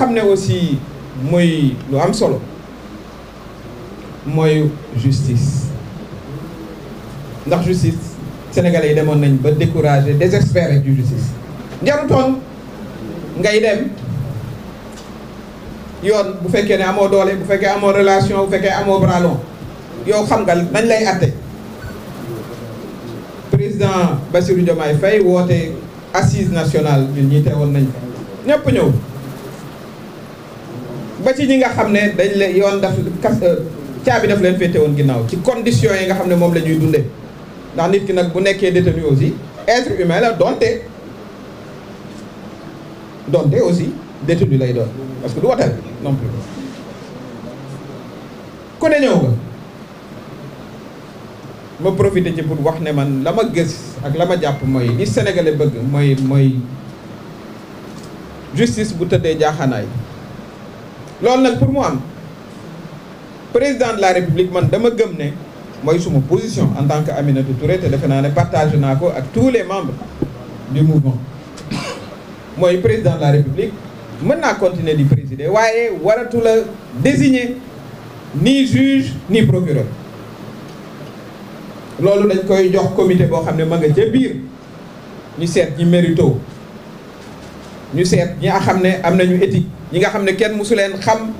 xam ne aussi muy lu am solo mooy justice ndax justice sénégalais yi demoon nañ ba découragé désespéré du justice njarutoon ngay dem yoon bu fekkee ne amoo doole bu fekkee amoo relation bu fekkee amoo bras yow xam nga nañ lay atte président Bassirou Diomaye Faye woote assise nationale ñun ñi teewoon nañ fa ñëpp ñëw ba ci ñi nga xam ne dañ leen yoon daf kas euh, caabi daf leen féete woon ginnaaw ci condition yi nga xam ne moom la ñuy dundee ndax nit ki nag bu nekkee détenu aussi être humain la donte aussi détenu lay doon parce que du watal non plus ku ne ñëw nga ma profité ci wax ne man la ma gis ak la ma jàpp mooy li sénégalais bëgg mooy mooy justice bu tëddee jaaxaanaay loolu nag pour mu am président de la république man dama gëm ne mooy suma position en tant que Aminata Touré te defe naa ne partage naa ko ak tous les membres du mouvement mooy président de la république mën naa continuer di présider waaye waratu la désigner ni juge ni procureur loolu dañ koy jox comité boo xam ne ma nga ca biir ñu seet ñi mérito ñu seet ñi nga xam ne am nañu éthique ñi nga xam ne kenn mosu leen xam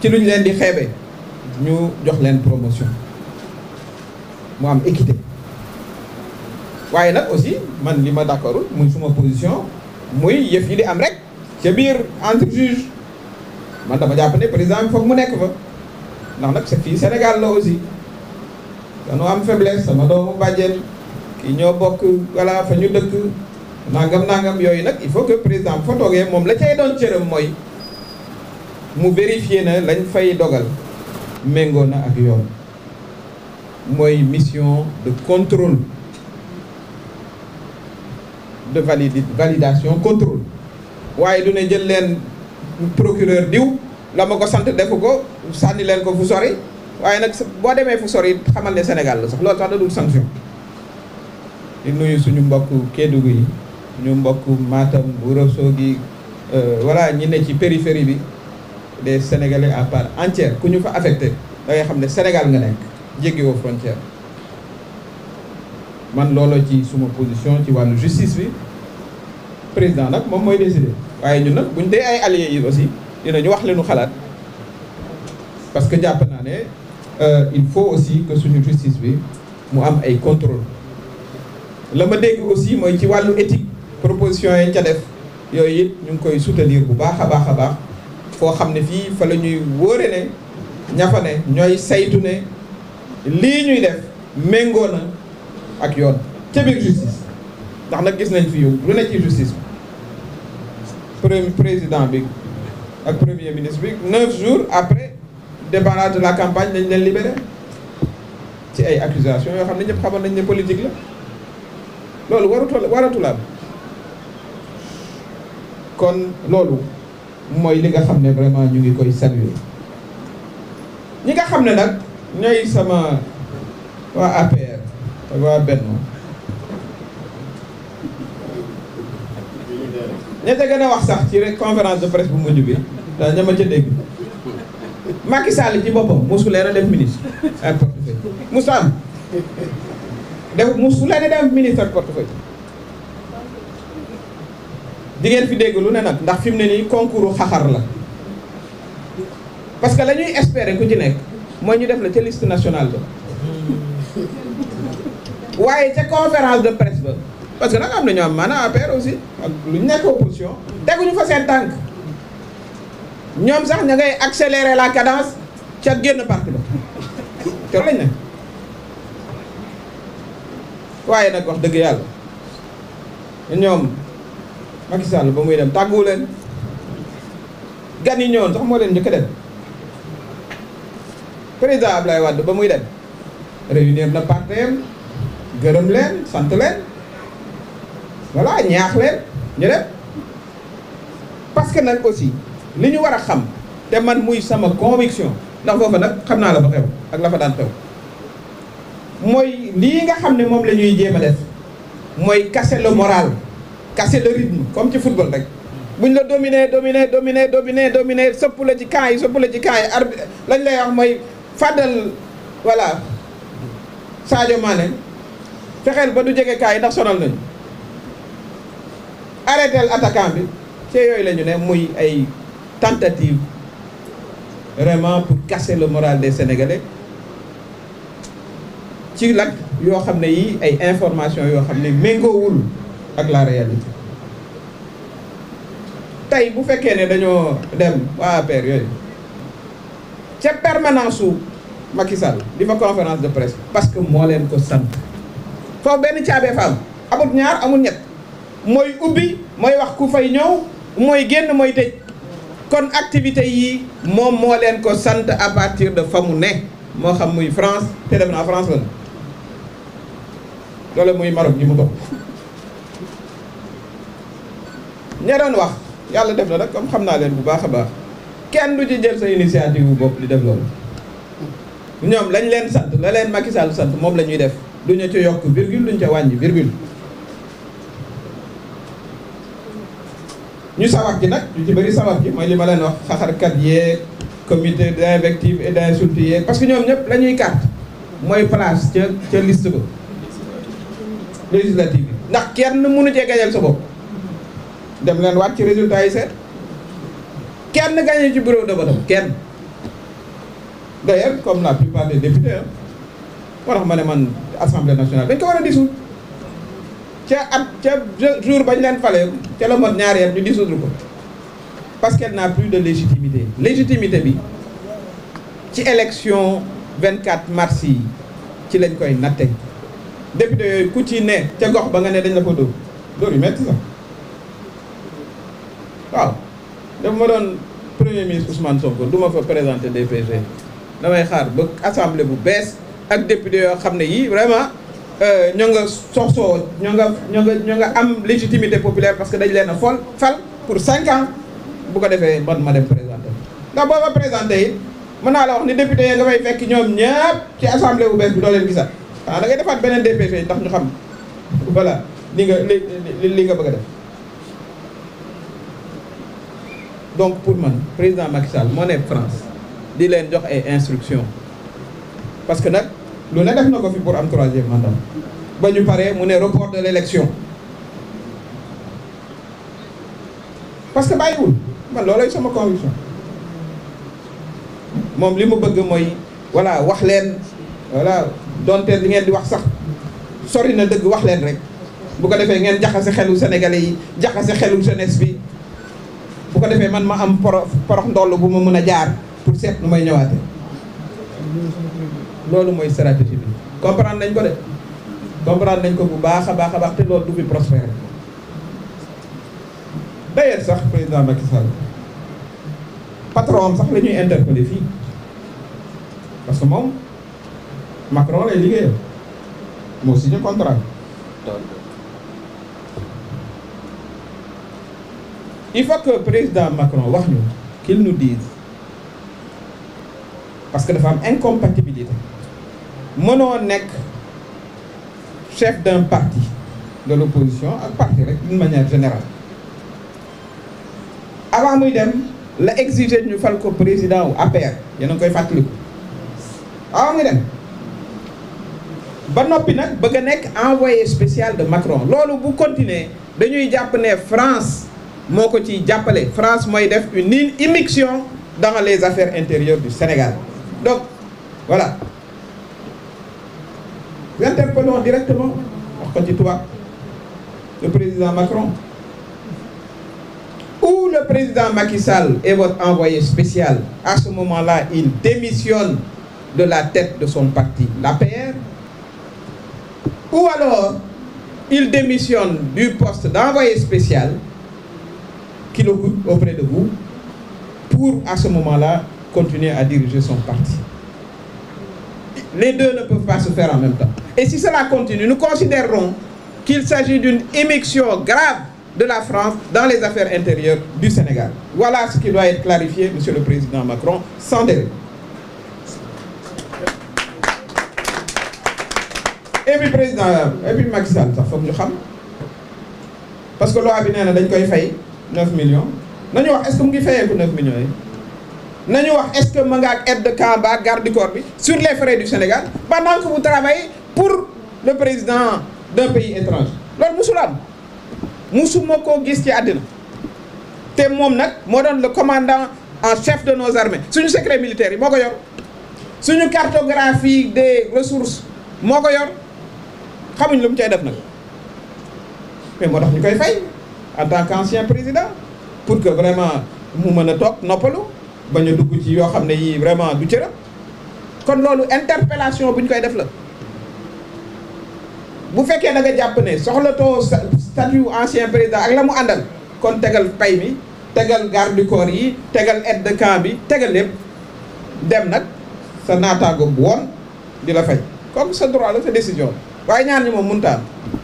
ci lu ñu leen di xeebe ñu jox leen promotion mu am équité waaye nag aussi man li ma d'accordul muy suma position muy yëf yi di am rek ca biir entre juge man dama jàpp ne par exemple foog mu nekk fa ndax nag c'est fii Sénégal la aussi danoo am faiblesse sama doomu bàjjen kii ñoo bokk voilà fa ñu dëkk nangam nangam yooyu nag il faut que président bu fa toogee moom la cay doon cëram mooy mu vérifier na lañ fay dogal méngoo na ak yoon mooy mission de contrôle de validi validation contrôle waaye du ne jël leen procureur diw la ma ko sant defu ko sànni leen ko fu sori waaye nag boo demee fu sori xamal ne Sénégal la sax loolu tax da dul sanction di nuyu suñu mbokk Kédougou yi ñu mbokk Matam Ouro Sogui euh, voilà ñi ne ci périphérie bi des sénégalais à part entière ku ñu fa affecté da ngay xam ne Sénégal nga nekk jéggiwoo frontière man looloo ci suma position ci wàllu justice bi président nag moom mooy décider waaye ñun nag buñ dee ay alliés yi aussi dinañu wax leenu xalaat parce que jàpp naa ne euh, il faut aussi que suñu justice bi mu am ay contrôle la ma dégg aussi mooy ci wàllu éthique proposition yañ ca def yooyu it ñu ngi koy soutenir bu baax a baax a baax foo xam ne fii fa la ñuy wóore ne ña ne ñooy saytu ne lii ñuy def méngoo na ak yoon ca biir justice ndax nag gis nañ fi yow lu ne ci justice premier président bi ak premier ministre bi neuf jours après départ la campagne dañ leen libéré ci ay accusations yoo xam ne ñëpp xamoon nañ ne politique la loolu warutul waratulaam kon loolu mooy li nga xam ne vraiment ñu ngi koy saluer ñi nga xam ne nag ñooy sama waa APR waa Benno ña gën a wax sax ci rek conférence de presse bu mujj bi da ña ma ca dégg Macky Sall ci boppam mosu leen a def ministre ak portefeuille mosu am def mosu leen a def ministre ak portefeuille di ngeen fi dégg lu ne nag ndax fi mu ne nii concours xaxar la parce que la ñuy ku ci nekk mooy ñu def la ca liste nationale ba waaye ca conférence de presse ba parce que nag am na ñoo am maanaam APR aussi ak lu ñu nekk opposition teguñu fa seen tànk ñoom sax ña ngay accélérer la cadence ca génn parti ba te waaye nag wax dëgg yàlla ñoom. Macky Sall ba muy dem tàgguwu leen gan yi ñëwoon sax moo leen njëkk dem président Ablaye Wade ba muy dem réunir na parteem gërëm leen sant leen voilà ñaax leen ñu dem parce que nag aussi li ñu war a xam te man muy sama conviction ndax foofa nag xam naa la fa xew ak la fa daan xew mooy lii nga xam ne moom la ñuy jéem a def mooy casser le moral casser le rythme comme ci football rek buñ la dominer dominer dominer dominer dominer sëpp la ci camp yi sëpp la ci camp yi arbi lañ lay wax mooy fàddal voilà Sadio Mané fexeel ba du jege camp yi ndax sonal nañu arrêtel attaquant bi ci yooyu lañu ne muy ay tentative vraiment pour casser le moral des Sénégalais ci nag yoo xam ne yi ay information yoo xam ne méngoowul ak la réalité tey bu fekkee ne dañoo dem waa APR yooyu ca permanence su Macky Sall di fa conférence de presse parce que moo leen ko sant foofu benn caabee fa am amut ñaar amul ñet mooy ubbi mooy wax ku fay ñëw mooy génn mooy tëj kon activité yi moom moo leen ko sant à de fa mu ne moo xam muy France te dem naa France la loolu muy Maroc ñi mu bokk ña doon wax yàlla def na nag comme xam naa leen bu baax a baax kenn du ci jël sa initiative bu bopp di def loolu ñoom lañ leen sant la leen Macky Sall sant moom la ñuy def duñu ca yokk virgule duñu ca wàññi virgule ñu sawar gi nag ñu ci bëri sawar gi mooy li ma leen wax xaxarkat yeeg comité d'invective et d'insulte yeeg parce que ñoom ñëpp lañuy ñuy carte mooy place ca ca liste ba législative ndax kenn nu cee gajal sa bopp dem leen waat ci résultat yi seet kenn gagné ci bureau de kenn d'ailleurs comme la plupart des députés a moo tax ma ne man assemblée nationale dañ ko war a dissoudre ca at ca jour bañ leen fale ca la mot ñaari at ñu dissoudre ko parce qu'elle n'a plus de légitimité légitimité bi ci élection 24 mars yi ci lañ koy natte député yooyu ku ci ne ca gox ba nga ne dañ la ko dóor dóor yu metti sax waaw daf ma doon premier ministre Ousmane Sonko du ma fa présenter DPG damay xaar ba assemblée bu bees ak député yoo xam ne yii vraiment euh, ñoo nga soxsoo ñoo nga ñoo nga ñoo nga am légitimité populaire parce que dañ leen a fol fal pour cinq ans bu ko defee man ma dem présenter ndax boo ma présenté it mën naa la wax ni député ya nga fay fekk ñoom ñëpp ci assemblée bu bees bi doo leen gisaat ah da ngay defaat beneen DPG ndax ñu xam voilà li nga li li nga bëgg a donc pour man président Macky Sall moo ne France di leen jox ay instructions parce que nag lu ne def na ko fi pour am troisième mandat ba ñu paree mu ne report de l'élection parce que bàyyiwul man loolay sama conviction moom li mu bëgg mooy voilà wax leen voilà donte li ngeen di wax sax sori na dëgg wax leen rek bu ko defee ngeen jaxase xelu Sénégalais yi jaxase xelu jeunesse bi. bu ko defee man ma am porox porox ndoll bu ma mën a jaar pour seet nu may ñëwaate loolu mooy stratégie bi comprendre nañ ko de comprendre nañ ko bu baax a baax a baax te loolu du fi prospérer d'ailleurs sax président Macky Sall patron am sax la ñuy interpeller fii parce que moom Macron lay liggéeyal moo signé contrat il faut que président Macron wax ñu qu'il nous dise parce que dafa am incompatibilité mënoo nekk chef d'un parti de l'opposition ak parti rek d'une manière générale avant muy dem la exiger ñu fal ko président wu APR yéen a ngi koy fàttaliku avant muy dem ba noppi nag bëgg a nekk envoyé spécial de Macron loolu bu continuer dañuy jàpp ne France moo ko ciy jàppale France mooy def une immixtion dans les affaires intérieures du Sénégal donc voilà interpellons directement le président Macron ou le président Macky Sall est votre envoyé spécial à ce moment-là il démissionne de la tête de son parti l'APR ou alors il démissionne du poste d'envoyé spécial qui le coûte de vous pour, à ce moment-là, continuer à diriger son parti. Les deux ne peuvent pas se faire en même temps. Et si cela continue, nous considérons qu'il s'agit d'une émission grave de la France dans les affaires intérieures du Sénégal. Voilà ce qui doit être clarifié, Monsieur le Président Macron, sans délai. et puis président et sax foog ñu xam parce que loi bi nee na dañ koy fay 9 millions nañu wax est-ce que mu ngi fayeeku 9 millions yi nañu wax est-ce que ma nga ak aide de camp ba garde corps bi sur les frais du Sénégal pendant que vous travaillez pour le président d'un pays étranger loolu musul am musuma koo gis ci àddina te moom nag moo doon le commandant en chef de nos armées suñu secret militaire yi moo ko yor suñu cartographie de ressources moo ko yor xamuñ lu mu cay def nag mais moo tax ñu koy fay en tant qu'ancien président pour que vraiment mu mën a toog noppalu bañ a dugg ci yoo xam ne yii vraiment du cëram kon loolu interpellation bu ñu koy def la bu fekkee da jàpp ne soxla soxlatoo statut ancien président ak la mu àndal kon tegal pay mi tegal garde yi tegal aide de camp bi tegal lépp dem nag sa naataango bu woon di la fay comme sa droit la sa décision waaye ñaar ñi moom mënut a